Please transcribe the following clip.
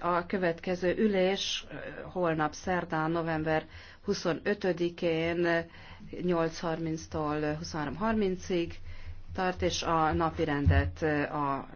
A következő ülés holnap szerdán, november 25-én 8.30-tól 23.30-ig tart, és a napi rendet a